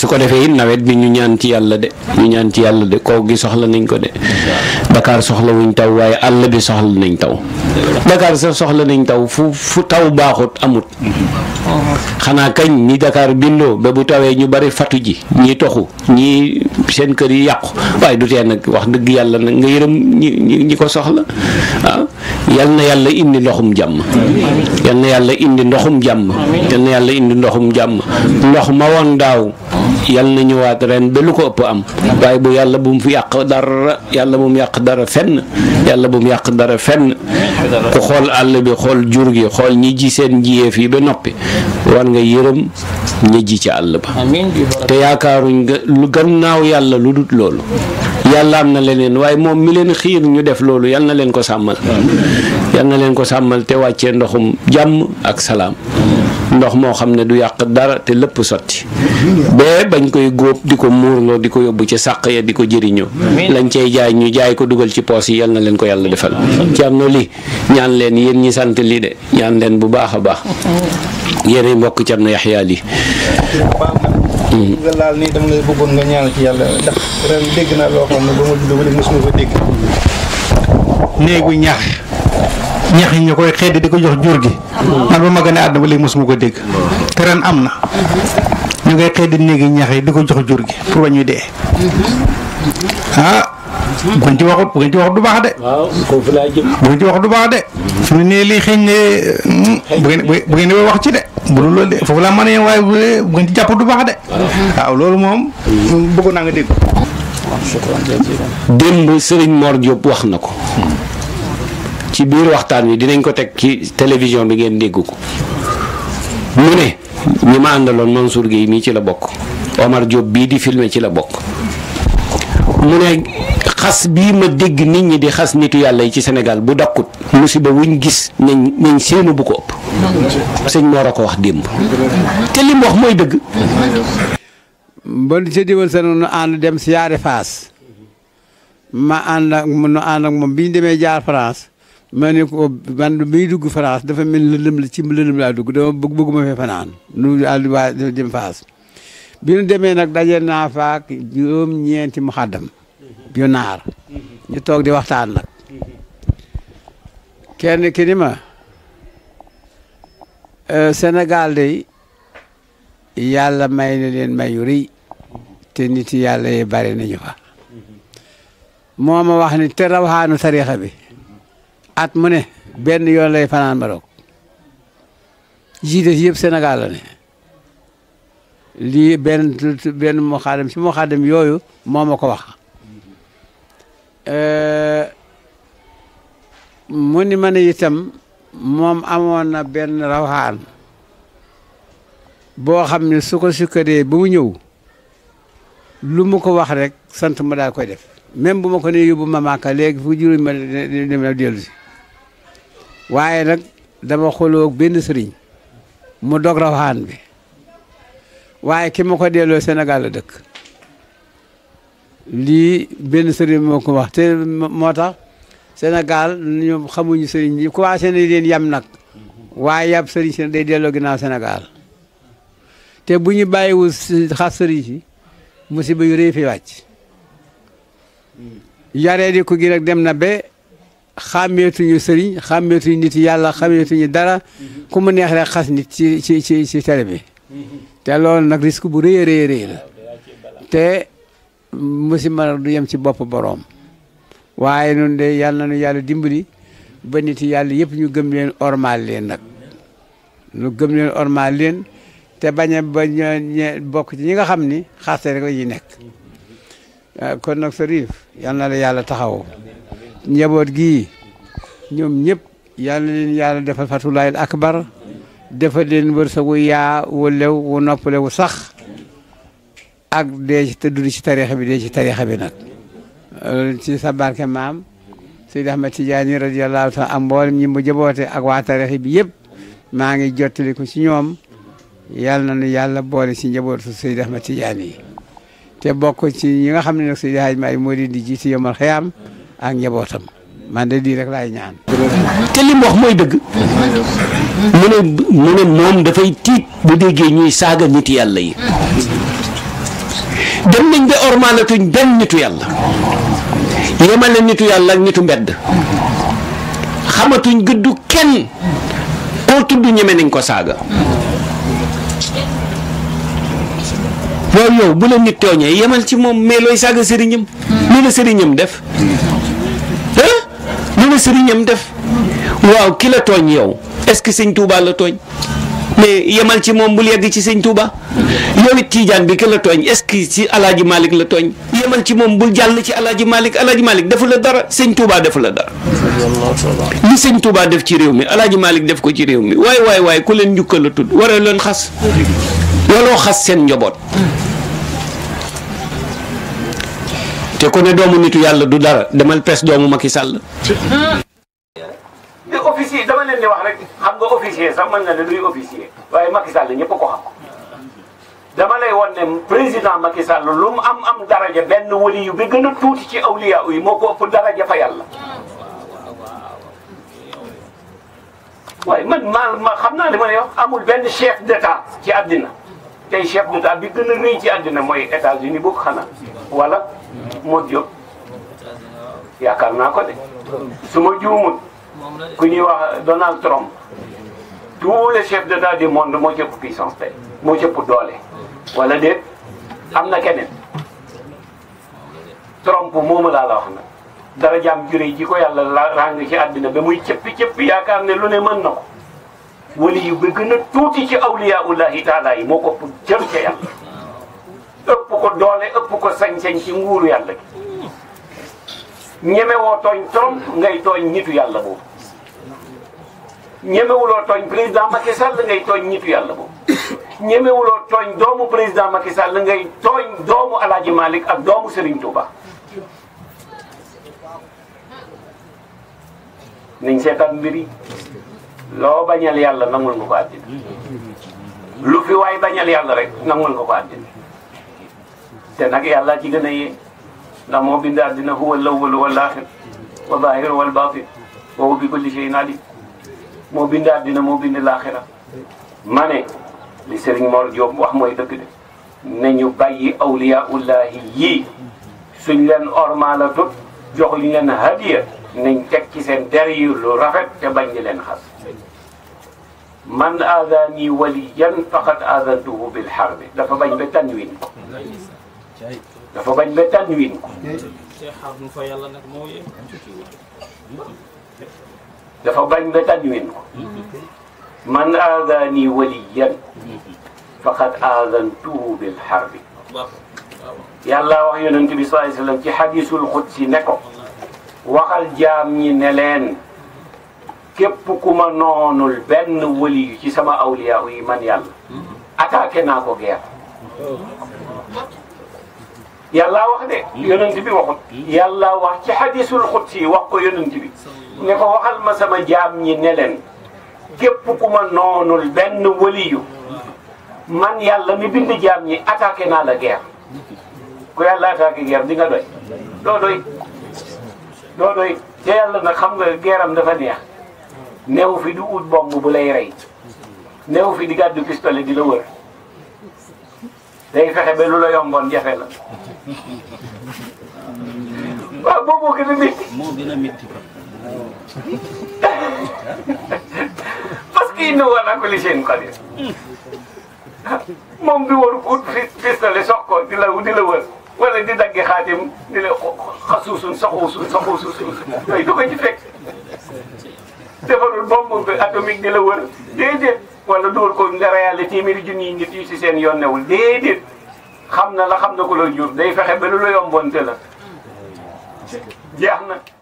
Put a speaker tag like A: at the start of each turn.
A: su ko defee nawet bi ñu ñaan ci yàlla de ñu ñaan ci yàlla de kaw gi soxla nañ ko de Dakar soxla wuñ taw waaye àll bi soxla nañ taw Dakar sax soxla nañ taw fu fu taw baaxut amut xanaa kañ ñi dakaar bindoo ba bu tawee ñu bari fatu ji ñi toxu ñi seen kër yi yàqu waaye du tee nag wax dëgg yàlla nag nga yërëm ñi ñi ko soxla waaw ah, yal yàlla indi ndoxum jàmm yal na yàlla indi ndoxum jàmm yal na yàlla indi ndoxum jàmm ndox ma woon daaw yal na ñëwaat ren ba lu ko ëpp am waaye bu yàlla bu mu yàq dara yàlla mu yàq dara fenn yàlla bu mu yàq dara fenn ku xool àll bi xool jur gi xool ñi ji seen jiyeef yi ba noppi war nga yërëm ñi ji ci àll ba te nga lu gannaaw yàlla lu dut loolu yàlla am na leneen waaye moom mi leen xiir ñu def loolu yal na leen ko sàmmal yal na leen ko sàmmal te wàcce ndoxum jàmm ak salaam ndox moo xam ne du yàq dara te lépp sotti bee bañ koy góob di ko muurloo di ko yóbbu ci sàq ya di ko jëriñoo lañ cey jaay ñu jaay ko dugal ci poos yi yal na leen ko yàlla defal ci am na ñaan leen yéen ñi sant lii de ñaan leen bu baax a baax yéenay mbokk ci am na yaxyaa lii nga laal nii dama lay bëggoon nga ñaanal ci yàlla néegu ñax ñax yi ñu koy xedd di ko jox jur gi man ba ma gën a àdduna ba léegi mosuma ko dégg te ren am na ñu koy xedd néegi ñax yi di ko jox jur gi pour ba ñuy dee ah bu ngeen ci waxut ci waxut du baax de. waaw foofu laa jëm. bu ngeen ci waxut du baax de. fi mu ne lii xëy na hmm, bu wax ci de. bu dul loolu de foofu laa mën a yem waaye bu ngeen jàpp du baax de. waaw loolu moom. bëgg naa nga dégg. démb Serigne Mor wax na ko. ci biir waxtaan wi dinañ ko teg ci télévision bi ngeen dégg ko mu ne ñi ma àndaloon Mansour Guèye mii ci la bokk Omar Diop bii di filmer ci la bokk mu ne xas bii ma dégg nit ñi di xas nitu yàlla yi ci senegal bu dakkut musiba wuñ gis nañ nañ bu ko ëpp sëñ Mor a ko wax démb te li wax mooy dëgg
B: ba di sa diwal sa nu ànd dem siyaare Faas ma ànd ak nu ànd ak moom bi ñu demee jaar France ma ne ko man miy dugg France dafa mel lëndëm la ci lëndëm laa dugg dama bëgg bëgguma fee fanaan nu àll waa jëm faas bi nu demee nag daje naa faak juróom-ñeenti mu xaddam yu naar ñu toog di waxtaan nag kenn ki ni ma euh, Sénégal day yàlla may na leen may yu rëy te nit yàlla yi bari nañu fa moo ma wax ni te rawaxaanu tariixa bi at mu benn yoon lay fanaan Maroc jiite yëpp Sénégal lii benn benn mu xaadam si mu yooyu moo ma ko wax euh, mu ni ma ne itam moom amoon na benn rawaxaan boo xam ne su ko sukkaree ba mu ñëw lu mu ko wax rek sant ma daal koy def même bu ma ko ne yóbbu ma màkka léegi fu juróomi ma dem dellu si waaye nag dama xuloo benn sëriñ mu dog rawaxaan bi waaye ki ma ko delloo Sénégal la dëkk lii benn sëriñ moo ko wax te moo tax Sénégal ñoom xamuñu sëriñ yi commencé nañ leen yam nag waaye yab sëriñ si day delloo ginnaaw senegaal te bu ñu bàyyiwu xas sëriñ si musiba yu rëy fi wàcc hmm. yaree di ko gi dem na ba xàmmeetuñu sëriñ xàmmeetuñu nit yàlla xàmmeetuñu dara ku mu neex rek xas nit ci ci ci ci bi te lool nag risque bu rëy a rëy rëy la te musima du yem ci bopp boroom waaye nun de yàlla nañu yàlla dimbali ba nit yàlla yëpp ñu gëm leen ormal leen nag ñu gëm leen ormal leen te bañ a ba ñe bokk ci ñi nga xam ni xaste rek la ñuy nekk kon nag sa riif yal yàlla taxaw njaboot gi ñoom ñëpp yal na leen yàlla defal fatulaayil akbar defal leen wërsëgu sa wu lew wu noppale wu sax ak dee ci te dund tariixa bi dee ci tariixa bi nag ci sa barke maam Seydi Ahmad Tijaani radiyallaahu taala am mboolem ñi mu jaboote ak waa tariixa bi yëpp maa ngi jottali ko ci ñoom yal na nu yàlla boole ci njabootu Seydi Ahmad Tijaani yi te bokk ci ñi nga xam ne nag Seydi Hajji Maalik moo leen di jiite yomal xiyaam ak njabootam man de lii rek laay ñaan.
A: te li wax mooy dëgg. mu ne mu ne moom dafay tiit bu déggee ñuy saaga nit yàlla yi. dem nañ ba ormaalatuñ benn nitu yàlla. yemale nitu yàlla ak nitu mbedd. xamatuñ gëddu kenn. koo tudd ñeme nañ ko saaga. waaw yow bu la nit tooñee yemal ci moom mais looy saaga sëriñam. lu la sëriñam def. la sëriñam def waaw ki la tooñ yow est-ce que sëñ la tooñ mais yemal ci moom bul yegg ci sëñ Touba yow it bi ki tooñ est-ce que ci la tooñ yemal ci moom bul jàll ci alaaji Malick alaaji Malick defu la dara sëñ Touba defu la dara li sëñ Touba def ci réew mi alaaji Malick def ko ci réew mi waaye waaye waay ku leen njukkal la tudd waree leen xas looloo xas seen njaboot te ku ne doomu nitu yàlla du dara demal pes doomu Macky Sall. mais dama leen wax rek xam nga officier sax mën nga ne luy officier waaye Macky Sall ñëpp ko xam dama lay won ne président Macky Sall lu mu am am daraja benn wali yu bi gën tuuti ci awliya yi moo ko ëpp daraja fa yàlla. waaye man maa ma xam naa li ma lay wax amul benn chef d'état ci àddina tey chef d'état bi gën a rëy ci àddina mooy États-Unis bu xanaa wala. Modou Diop yaakaar naa ko de su ma juumut ku ñuy wax Donald Trump tous les chefs d'État du monde moo ci puissance tey moo ci doole wala déet am na keneen Trump moomu laa la wax nag dara jaam jure ji ko yàlla ràng ci àddina ba muy cëppi cëppi yaakaar ne lu ne mën na ko wali yu ba gën a tuuti ci awliya ullahi taala moo ko ëpp jëm ca yàlla ëpp ko doole ëpp ko sañ-sañ ci nguuru yàlla gi ñemewoo tooñ Trump ngay tooñ nitu yàlla boobu ñemewuloo tooñ président Macky Sall ngay tooñ nitu yàlla boobu ñemewuloo tooñ doomu président Macky Sall ngay tooñ doomu Alaaji Malick ak doomu Serigne Touba niñ seetaan mbir loo bañal yàlla nangul nga ko àddina lu fi waay bañal yàlla rek nangul nga ko àddina te nag yàlla ci gën a yee ndax moo bind àddina huwa al-awwal wal aaxir wa zaahir wal baatin wa huwa bi na moo bind àddina moo bind laaxira ma ne li Serigne Mor Diop wax mooy dëgg de nañu bàyyi awliyaa ullaahi yi suñ leen ormaalatut jox liñ leen hadiya nañ teg ci seen der yi lu rafet te bañ di leen xas man aadaani waliyan faqad aadantuhu bil harbi dafa bañ ba tanwin ko dafa bañ ba tànn win ko. dafa bañ ba tànn win ko. man aadaani waliyan faqad aadantuhu bil harbi. yàlla wax yonent bi sallallahu alayhi wasallam ci hadisul qudsi ne ko. waxal jaam ñi ne leen. képp ku ma noonul benn waliyu ci sama awliya yi man yàlla. attaqué naa ko guerre. yàlla wax de yonent bi waxut yàllaa wax ci hadisul si wax ko yonent bi ne ko waxal ma sama jaam ñi ne leen képp ku ma noonul benn waliyu man yàlla mi bind jaam ñi attaqué naa la guerre ku yàlla attaqué guerre di nga doy doo doy doo doy te yàlla nag xam nga guerre dafa neex neew fi di ut bomb bu lay rey neew fi di gàddu pistolet di la wër day fexe ba lu la yomboon jafe la waaw boobu gën a métti. moo gën a métti parce que indi woon li seen ko moom bi waru ut fistali sox ko di la di la wër wala di daggi xaatim di la xasuusun soxuusun soxuusun waaye du ko ci fekk defarul bombe atomique di la wër déedéet. wala dool ko nga rayaale téeméeri junni nit yu si seen yoon newul déedéet xam na la xam na ko la jur day fexe ba lu la yombonte la jeex na